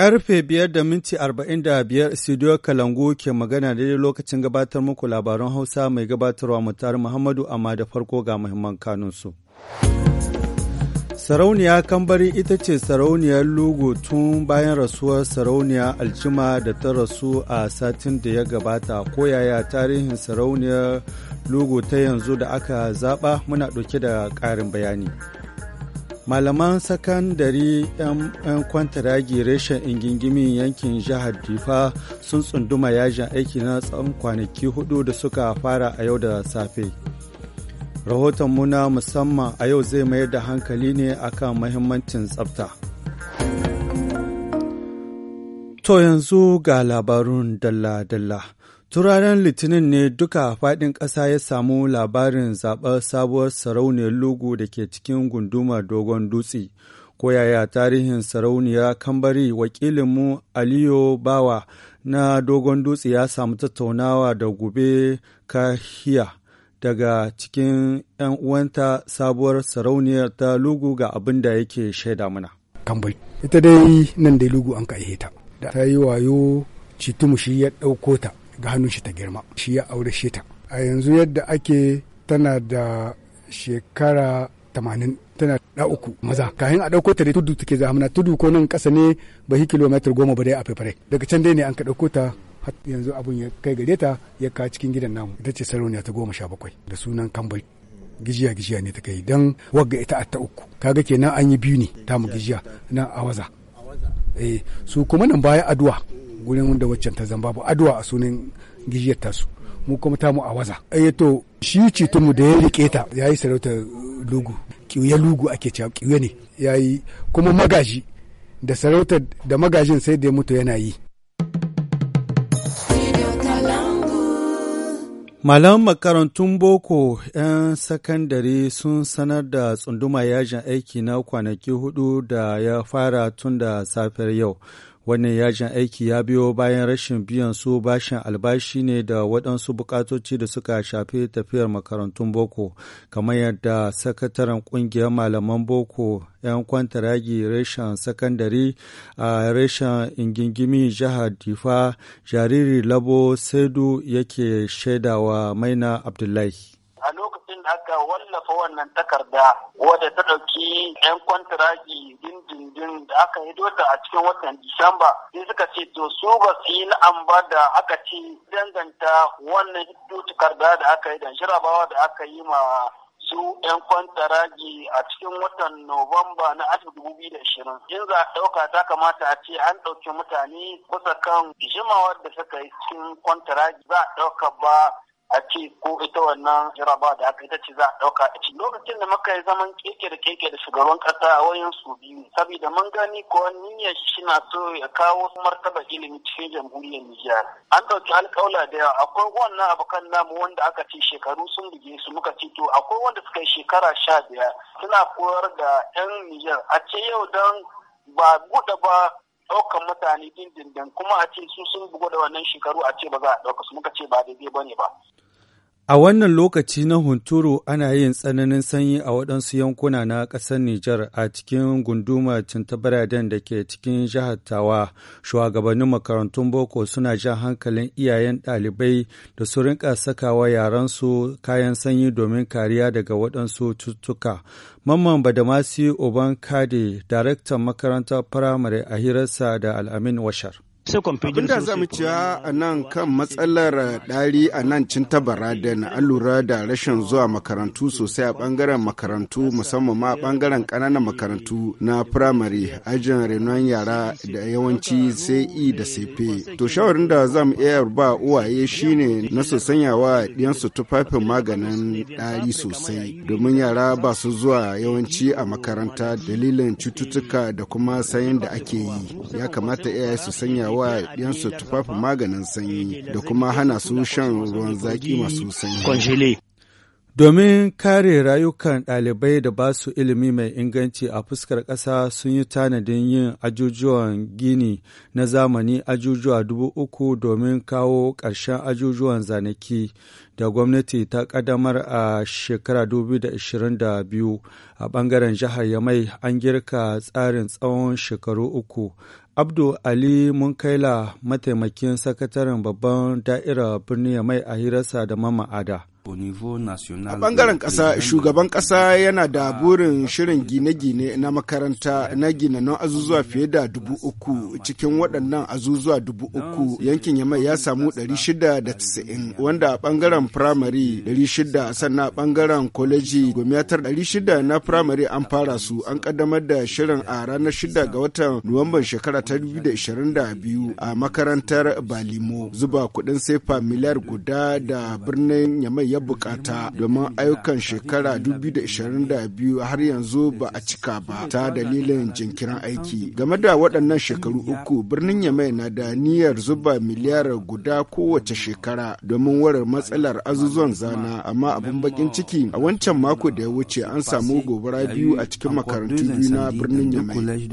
Karfe biyar da minti arba'in da biyar Studio Kalangu ke magana daidai lokacin gabatar muku labaran Hausa mai gabatarwa mutar Muhammadu amma da farko ga muhimman kanunsu. Sarauniya Kambari ita ce sarauniyar Lugu tun bayan rasuwar sarauniya Aljima da ta rasu a satin da ya gabata ko yaya tarihin sarauniyar Lugu ta yanzu da aka zaba muna ɗauke da ƙarin bayani. malaman sakandare 'yan kwantaragi reshen ingingimin yankin jihar difa sun tsunduma yajin aiki na tsawon kwanaki hudu da suka fara a yau da safe rahoton muna musamman a yau zai mayar da hankali ne akan mahimmancin tsafta to yanzu ga labarun dalla-dalla Turaren Litinin ne duka faɗin ƙasa ya samu labarin zaɓar sabuwar sarauniyar Lugu da ke cikin gundumar Dogon Dutse. yaya tarihin sarauniya Kambari wakilinmu Aliyo Bawa na Dogon Dutse ya samu tattaunawa da Gube Kahiya daga cikin 'yan uwanta sabuwar sarauniyar ta Lugu ga abin da yake shaida mana. Kambari, ita dai nan da Lugu an ka ta. ta yi wayo, ya ɗauko ta. ga hannun shi ta girma shi ya aure shi ta a yanzu yadda ake tana da shekara tamanin tana da uku maza kayan a ɗauko ta da tudu take zamana tudu ko nan kasa ne ba hi kilometer goma ba dai a fefare daga can dai ne an ka dauko ta har yanzu abun ya kai gare ta ya ka cikin gidan namu ita ce sarauniya ta goma sha bakwai da sunan kambal gijiya gijiya ne ta kai dan wagga ita ta uku kaga kenan an yi biyu ne ta mu gijiya na awaza eh su kuma nan baya aduwa. wurin da waccan ta zan babu aduwa a sunan gijiyar tasu mu kuma ta mu a waza eh to shi ceto mu da ya rike ta yayi sarautar lugu kiuye lugu ake cewa kiuye ne yayi kuma magaji da sarauta da magajin sai da ya mutu yana yi malam makarantun boko 'yan sakandare sun sanar da tsunduma yajin aiki na kwanaki hudu da ya fara tun da safiyar yau. Wannan yajin aiki ya biyo bayan rashin biyan su bashin albashi ne da waɗansu buƙatoci da suka shafi tafiyar makarantun boko, kamar yadda sakataren ƙungiyar malaman boko 'yan kwantaragi reshen sakandare a reshen ingingimi jihar Difa jariri Labo Saidu yake shaidawa Maina Abdullahi. lokacin wallafa wannan takarda wadda ta ɗauki 'yan kwantiragi dindindin da aka yi dota a cikin watan Disamba sai suka ce to su ba su yi na'am ba da aka ci danganta wannan hiddo takarda da aka yi da shirabawa da aka yi ma su 'yan kwantaragi a cikin watan Nuwamba na ashirin. In za a ɗauka ta kamata a ce an ɗauki mutane kusa kan jimawar da suka yi cikin kwantaragi za a ɗauka ba a ce ko ita wannan jaraba da aka ita ce za a ɗauka a ci lokacin da muka yi zaman keke da keke da shugaban ƙasa a wayan su biyu saboda mun gani ko niyyar shi na so ya kawo martaba ilimi cikin jamhuriyar Nijar an ɗauki alƙawla da yawa akwai wannan abokan namu wanda aka ce shekaru sun buge su muka ce to akwai wanda suka yi shekara sha biyar suna koyar da 'yan Nijar a ce yau don ba buɗe ba ɗaukan mutane dindindin kuma a ce su sun bugu da wannan shekaru a ce ba za a ɗauka su muka ce ba daidai ba ne ba. A wannan lokaci na hunturu ana yin tsananin sanyi a waɗansu yankuna na ƙasar Nijar a cikin gunduma cintabaraden da ke cikin jihar Tawa. Shugabannin makarantun boko suna jan hankalin iyayen ɗalibai da su rinka sakawa su kayan sanyi domin kariya daga waɗansu cututtuka. Mamman Badamasi Oban Kade, daraktan makarantar firamare a hirarsa da Al'amin Washar. da za mu ciya a nan kan matsalar ɗari a nan cin tabara da na allura da rashin zuwa makarantu sosai a bangaren makarantu musamman ma a bangaren ƙananan makarantu na firamare ajin renon yara da yawanci sai i da sefe. To shawarin da za mu iya ba uwaye shine na su sanyawa ɗiyansu tufafin maganin ɗari sosai domin yara ba su zuwa yawanci a makaranta dalilin cututtuka da kuma sayan da ake yi. Ya kamata iyaye su sanyawa wa yansu tufafin maganin sanyi da kuma hana su shan ruwan zaki masu sanyi. Domin kare rayukan ɗalibai da ba su ilimi mai inganci a fuskar ƙasa sun yi tanadin yin ajujuwan gini na zamani ajujuwa dubu uku domin kawo ƙarshen ajujuwan zanaki da gwamnati ta ƙaddamar a shekara 2022 a ɓangaren jihar Yamai an girka tsarin tsawon shekaru uku Abdu Ali Munkaila mataimakin sakataren babban da'ira birnin mai a hirarsa da Mama Ada. A ɓangaren ƙasa, shugaban ƙasa yana da burin shirin gine-gine na makaranta na ginanon azuzuwa fiye da dubu uku cikin waɗannan azuzuwa dubu uku yankin Yamai ya samu 690 wanda a ɓangaren firamare 600 sannan a ɓangaren koleji gwamnatar 600 na firamare an fara su an ƙaddamar da shirin a ranar 6 ga watan Nuwamban shekara ta 2022 a makarantar Balimo zuba kuɗin sefa miliyar guda da birnin Yamai ya bukata domin ayyukan shekara 2022 har yanzu ba a cika ba ta dalilin jinkirin aiki. Game da waɗannan shekaru uku birnin Yamai na da niyyar zuba miliyar guda kowace shekara domin warar matsalar azuzuwan zana amma abin bakin ciki a wancan mako da ya wuce an samu gobara biyu a cikin makarantu biyu na birnin Yamai.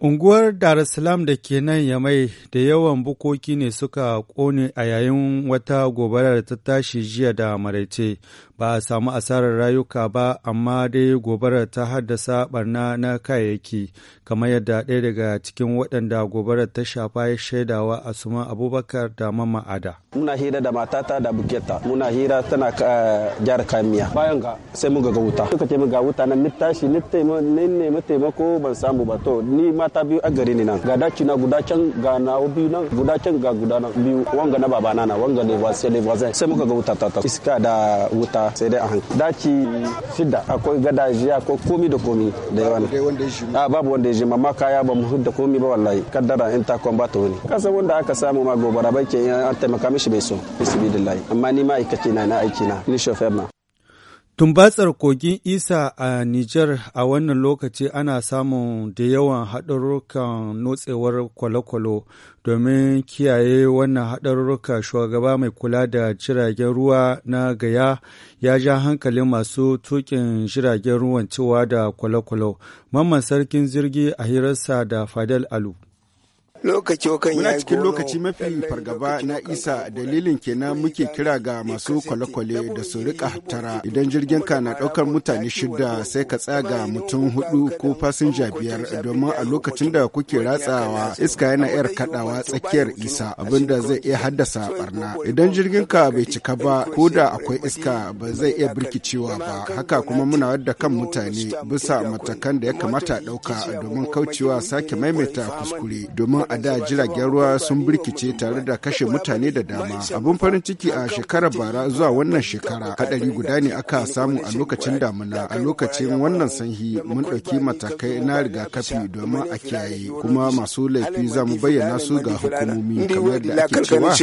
Unguwar Dar Salaam da ke nan Yamai da yawan bukoki ne suka kone a yayin wata gobara da ta tashi jiya da maraice. Ba a samu asarar rayuka ba, amma dai gobarar ta haddasa barna na kayayyaki, kamar yadda ɗaya daga cikin waɗanda gobarar ta shafa ya shaidawa a suma Abubakar da Mama Ada. Muna hira da matata da buketa, muna hira tana jar eh, kamiya. Bayan ga sai mun ga wuta. Suka ce ga wuta na ni tashi ni taimako ban samu ba to ni ma mata biyu a gari ne nan ga daci na guda can ga nawo biyu nan guda can ga guda nan biyu wanga na baba na wanga le voisin le voisin sai muka ga wuta ta ta iska da wuta sai dai a hankali daci shida akwai gadaji akwai komi da komi da yawa a babu wanda ya ji mamma kaya ba mu hudda komi ba wallahi kaddara in ta kwamba ta wuni kasan wanda aka samu ma gobara bai ke an taimaka mishi bai so bismillah amma ni ma aikaci na na aiki na ni shofar na Tumbatsar kogin Isa a Nijar a wannan lokaci ana samun da yawan haɗarurrukan notsewar kwale domin kiyaye wannan haɗarurruka shugaba mai kula da jiragen ruwa na gaya ya ja hankalin masu tukin jiragen ruwan cewa da kwale Mamman sarkin jirgi a hirarsa da Fadel Alu. muna cikin lokaci mafi fargaba na isa dalilin kenan muke kira ga masu kwale-kwale da su rika hattara idan jirgin ka na daukar mutane shida sai ka tsaya ga mutum hudu ko fasinja biyar domin a lokacin da kuke ratsawa iska yana yar kadawa tsakiyar isa abinda zai iya haddasa barna idan jirgin ka bai cika ba ko da akwai iska ba zai iya birkicewa ba haka kuma muna wadda kan mutane bisa matakan da ya kamata a dauka domin kaucewa sake maimaita kuskure domin a da jiragen ruwa sun birkice tare da kashe mutane da dama. Abin farin ciki a shekarar bara zuwa wannan shekara hadari guda ne aka samu a lokacin damuna a lokacin wannan sanhi mun ɗauki matakai na rigakafi domin a kiyaye kuma masu laifi za mu bayyana su ga hukumomi kamar da ake cewa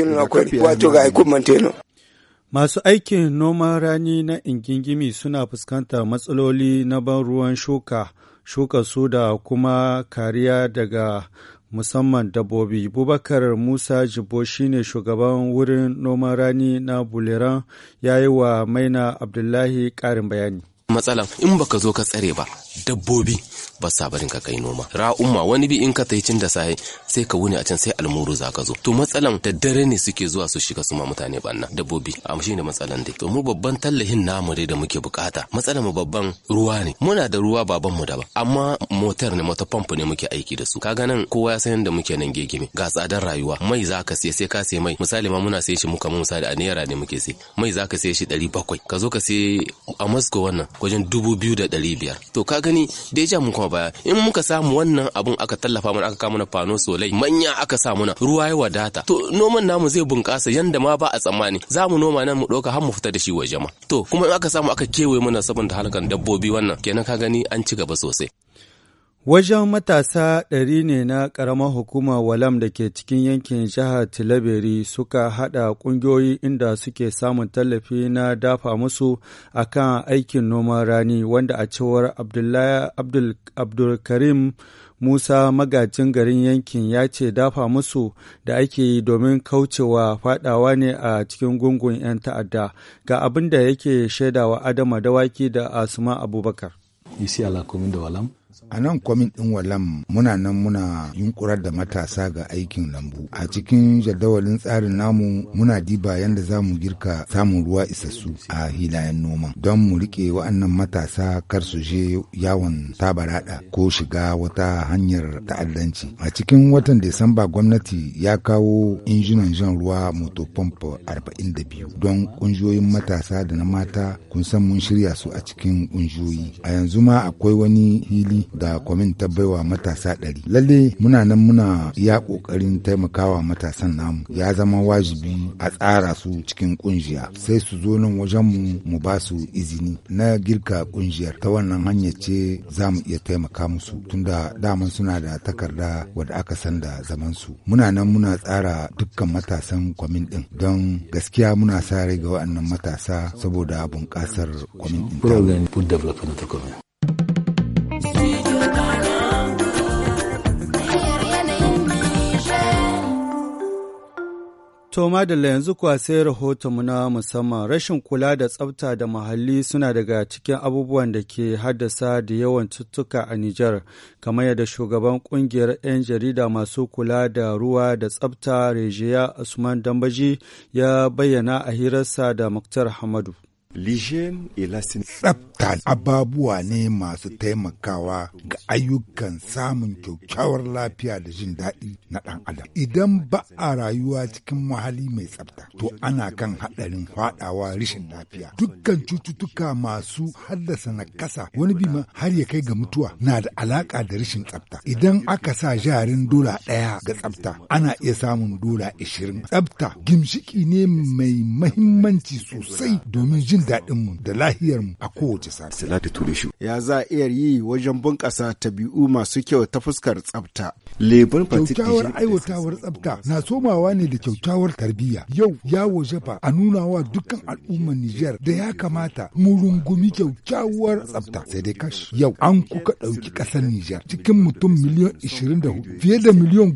Masu aikin noman rani na ingingimi suna fuskantar matsaloli na ban ruwan shuka, shuka su da kuma kariya daga musamman dabbobi. Bubakar Musa Jibo shine shugaban wurin noman rani na Buleran ya yi wa Maina Abdullahi ƙarin bayani. matsalan in baka zo ka tsare ba dabbobi ba sa barin ka kai noma ra'umma wani bi in ka tai cin da sai sai ka wuni a can sai almuru za ka zo to matsalan da dare ne suke zuwa su shiga su ma mutane banna dabbobi a mu shine matsalan dai to mu babban tallahin namu dai da muke bukata matsalan mu babban ruwa ne muna da ruwa baban mu ba. amma motar ne mata pump ne muke aiki da su kaga nan kowa ya san yadda muke nan gegime ga tsadar rayuwa mai za ka siya sai ka siya mai misali ma muna sai shi muka mu misali a naira ne muke sai mai za ka siya shi 700 ka zo ka siya a Moscow wannan wajen dubu biyu da ɗari biyar to ka gani da ja mu kuma baya in muka samu wannan abun aka tallafa mana aka kama mana fano solai manya aka sa muna ruwa ya wadata to noman namu zai bunƙasa yanda ma ba a tsammani za mu noma nan mu ɗauka har mu fita da shi waje ma to kuma in aka samu aka kewaye mana saboda harkar dabbobi wannan kenan ka gani an ci gaba sosai Wajen matasa ɗari ne na ƙaramar hukumar Walam da ke cikin yankin jihar Tilaberi suka haɗa ƙungiyoyi inda suke samun tallafi na dafa musu a kan aikin noman rani wanda a cewar Abdulkarim Musa magajin garin yankin ya ce dafa musu da ake yi domin kaucewa faɗawa ne a cikin gungun 'yan ta'adda ga abin da yake shaidawa Adama Dawaki da Asuma Abubakar. Isi ala da Walam. A nan kwamin ɗin Walam muna nan muna yunkurar da matasa ga aikin lambu. A cikin jadawalin tsarin namu muna diba yadda za mu girka samun ruwa isassu a hilayen noma don mu riƙe wa'annan matasa kar su je yawon tabarada ko shiga wata hanyar ta'addanci. A cikin watan Disamba gwamnati ya kawo injunan jan ruwa moto da 42 don ƙungiyoyin matasa da na mata kun san mun shirya su a cikin ƙungiyoyi. A yanzu ma akwai wani hili da da kwamin ta baiwa matasa ɗari lalle muna nan muna ya ƙoƙarin taimakawa matasan namu ya zama wajibi a tsara su cikin ƙungiya sai su zo nan wajen mu mu ba su izini na girka ƙungiyar ta wannan hanya ce za mu iya taimaka musu tunda daman suna da takarda wadda aka san da zaman su muna nan muna tsara dukkan matasan kwamin ɗin don gaskiya muna sa rai ga waɗannan matasa saboda bunƙasar kwamin din To madalla yanzu kuwa sai rahotonmu na musamman rashin kula da tsafta da muhalli suna daga cikin abubuwan da ke haddasa da yawan tuttuka a Nijar, kamar yadda shugaban kungiyar 'yan jarida masu kula da ruwa da tsafta Rejiya Usman Dambaji ya bayyana a hirarsa da Muktar Hamadu. Tsafta ababuwa ne masu taimakawa ga ayyukan samun kyaukyawar lafiya da jin daɗi na ɗan adam. Idan ba a rayuwa cikin muhalli mai tsafta, to ana kan haɗarin faɗawa rashin lafiya. Dukkan cututtuka masu haddasa na kasa, wani bima har ya kai ga mutuwa na da alaƙa da rashin tsafta. Idan aka sa jarin dola ɗaya ga tsafta, ana iya samun dola ashirin. Tsafta gimshiƙi ne mai mahimmanci sosai domin jin jin mu da lahiyar mu a kowace safiya. Ya za a iya yi wajen bunƙasa tabi'u masu kyau ta fuskar tsafta. Kyaukyawar aiwatawar tsafta na somawa ne da kyaukyawar tarbiyya. Yau ya wajefa a nuna wa dukkan al'ummar Nijar da ya kamata mu rungumi kyaukyawar tsafta. Sai dai kash yau an kuka ɗauki ƙasar Nijar cikin mutum miliyon hudu. fiye da miliyon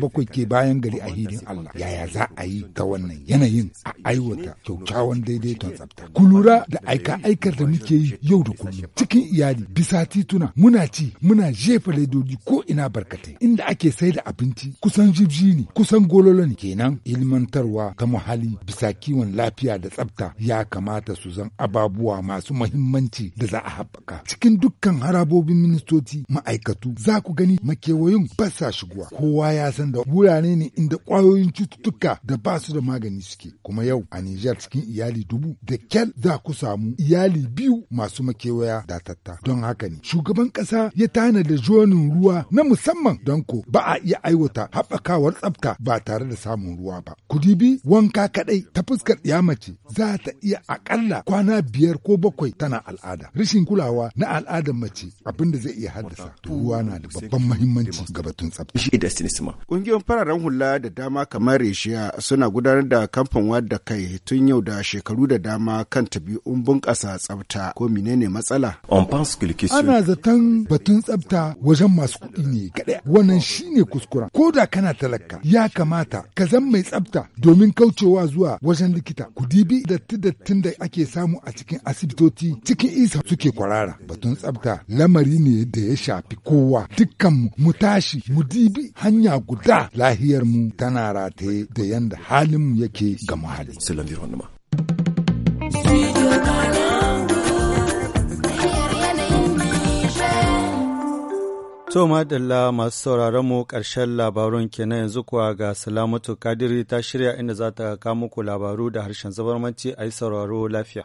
bakwai ke bayan gari a hidin Allah. Yaya za a yi ta wannan yanayin a aiwata kyaukyawan daidaiton tsafta. kulura da aika aikar da muke yi yau da kullum cikin iyali bisa tituna muna ci muna jefa laidodi ko ina barkate. inda ake sai da abinci kusan jibji ne kusan gololo ne kenan ilmantarwa ta muhalli bisa kiwon lafiya da tsafta ya kamata su zan ababuwa masu mahimmanci da za a haɓaka cikin dukkan harabobin ministoci ma'aikatu za ku gani makewayin ba sa kowa ya san da wurare ne inda kwayoyin cututtuka da ba su da magani suke kuma yau a Nijar cikin iyali dubu da kyal za ku samu iyali biyu masu makewaya datatta. Don haka ne, shugaban ƙasa ya tana da jonin ruwa na musamman don ko ba a iya aiwata haɓakawar tsafta ba tare da samun ruwa ba. Ku dibi wanka kaɗai ta fuskar mace za ta iya aƙalla kwana biyar ko bakwai tana al'ada. Rashin kulawa na al'adar mace abin da zai iya haddasa ruwa na da babban mahimmanci ga batun tsafta. Ƙungiyoyin fararen hula da dama kamar Reshiya suna gudanar da kamfan wadda kai tun yau da shekaru da dama kan tabi'un bunƙasa tsafta ko menene matsala? Ana zaton batun tsafta wajen masu kuɗi ne kaɗai. Wannan shine kuskura. Ko da kana talaka ya kamata ka zan mai tsafta domin kaucewa zuwa wajen likita. Ku dibi datti-dattin da ake samu a cikin asibitoci cikin isa suke kwarara. Batun tsafta lamari ne da ya shafi kowa. Dukkan mu tashi mu dibi hanya guda lahiyar mu tana rataye da yanda halin mu yake ga muhalli. To madalla masu sauraron mu ƙarshen labarun kenan yanzu kuwa ga Salamatu Kadiri ta shirya inda za ta kawo muku labaru da harshen zabarmanci a yi sauraro lafiya.